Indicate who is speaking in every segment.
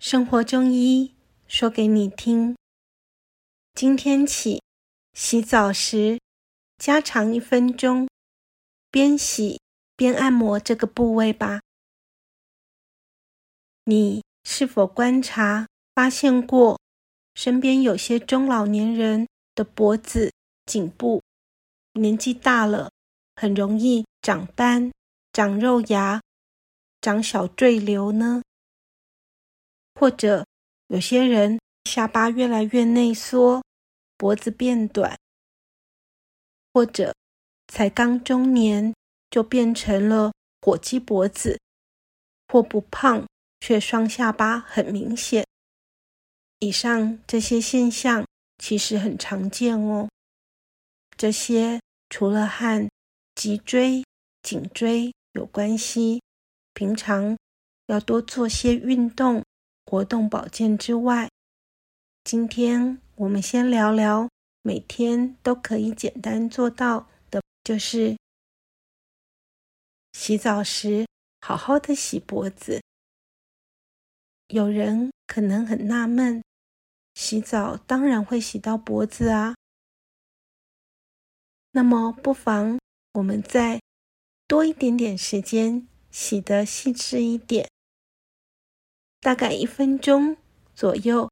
Speaker 1: 生活中醫說給你聽：今天起，洗澡時加長一分鐘，邊洗邊按摩這個部位吧。你是否觀察發現過，身邊有些中老年人的脖子、頸部年紀大了，很容易長斑、長肉芽、長小贅瘤呢？或者有些人下巴越來越內縮，脖子變短；或者才剛中年就變成了火雞脖子，或不胖卻雙下巴很明顯。以上這些現象其實很常見哦。這些除了和脊椎、頸椎有關係，平常要多做些運動，活動保健之外，今天我們先聊聊每天都可以簡單做到的，就是洗澡時好好的洗脖子。有人可能很納悶，洗澡當然會洗到脖子啊！那麼不妨我們再多一點點時間，洗得細緻一點。大概一分鐘左右，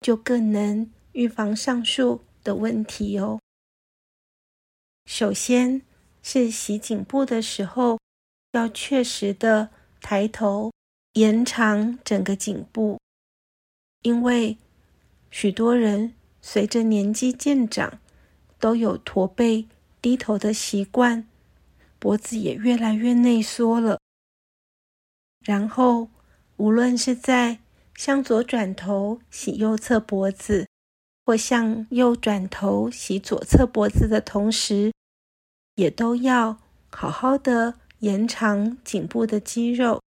Speaker 1: 就更能預防上述的問題哦。首先是洗頸部的時候，要確實的抬頭，延長整個頸部，因為許多人隨着年紀漸長，都有駝背低頭的習慣，脖子也越來越內縮了。然後。無論是在向左轉頭洗右側脖子，或向右轉頭洗左側脖子的同時，也都要好好的延長頸部的肌肉，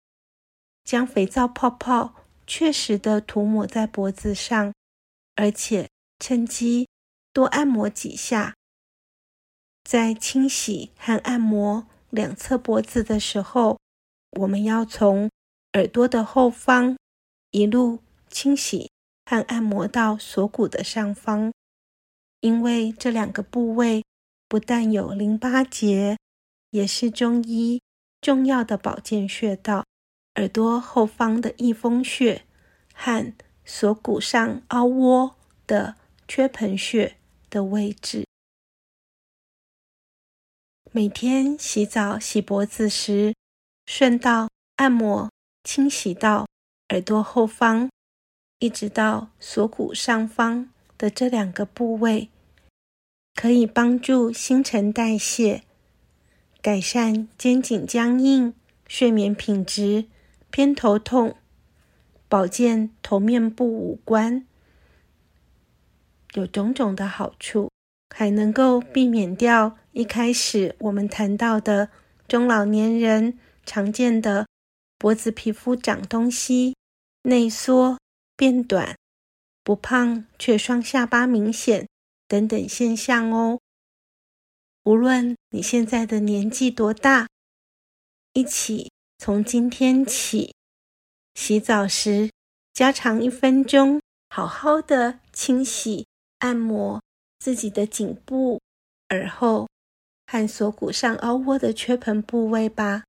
Speaker 1: 將肥皂泡泡確實的塗抹在脖子上，而且趁機多按摩幾下。在清洗和按摩兩側脖子的時候，我們要從。耳朵的後方，一路清洗和按摩到鎖骨的上方，因為這兩個部位不但有淋巴結，也是中醫重要的保健穴道——耳朵後方的翳風穴和鎖骨上凹窩的缺盆穴的位置。每天洗澡洗脖子時，順道按摩。清洗到耳朵後方，一直到鎖骨上方的這兩個部位，可以幫助新陳代謝，改善肩頸僵硬、睡眠品質、偏頭痛、保健頭面部五官，有種種的好處，還能夠避免掉一開始我們談到的中老年人常見的。脖子皮膚長東西、內縮變短、不胖卻雙下巴明顯等等現象哦。無論你現在的年紀多大，一起從今天起，洗澡時加長一分鐘，好好的清洗、按摩自己的頸部、耳後和鎖骨上凹窩的缺盆部位吧。